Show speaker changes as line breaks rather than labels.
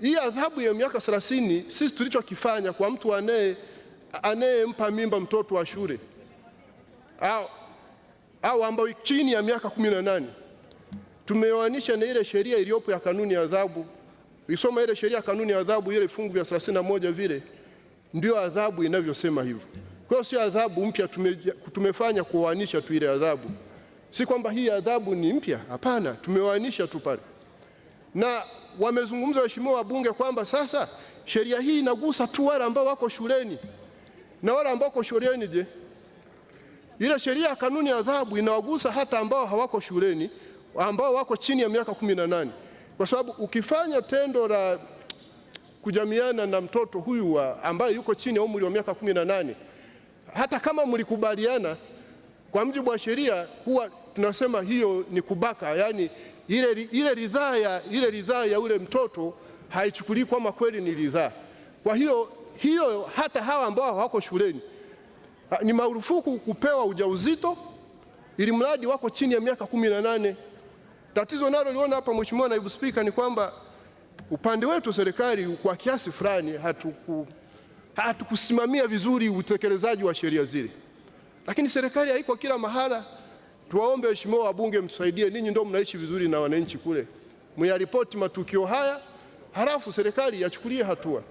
hii adhabu ya miaka 30 sisi tulichokifanya kwa mtu anaye anayempa mimba mtoto wa shule au, au ambao chini ya miaka 18 tumeoanisha na ile sheria iliyopo ya kanuni ya adhabu. Isoma ile sheria ya kanuni ya adhabu, ile fungu vya 31 vile ndio adhabu inavyosema hivyo. Kwa hiyo sio adhabu mpya tume, tumefanya kuoanisha tu ile adhabu, si kwamba hii adhabu ni mpya. Hapana, tumeoanisha tu pale na wamezungumza waheshimiwa wabunge kwamba sasa sheria hii inagusa tu wale ambao wako shuleni na wale ambao wako shuleni. Je, ile sheria ya kanuni ya adhabu inawagusa hata ambao hawako shuleni, ambao wako chini ya miaka kumi na nane, kwa sababu ukifanya tendo la kujamiana na mtoto huyu ambaye yuko chini ya umri wa miaka kumi na nane, hata kama mlikubaliana kwa mujibu wa sheria huwa tunasema hiyo ni kubaka, yani ile, ile ridhaa ya, ile ridhaa ya ule mtoto haichukulii kama kweli ni ridhaa. Kwa hiyo hiyo hata hawa ambao hawako shuleni ah, ni marufuku kupewa ujauzito ili mradi wako chini ya miaka kumi na nane. Tatizo nalo liona hapa, Mheshimiwa Naibu Spika, ni kwamba upande wetu serikali kwa kiasi fulani hatuku hatukusimamia vizuri utekelezaji wa sheria zile, lakini serikali haiko kila mahala. Tuwaombe waheshimiwa wabunge, mtusaidie. Ninyi ndio mnaishi vizuri na wananchi kule, muyaripoti matukio haya, halafu serikali yachukulie hatua.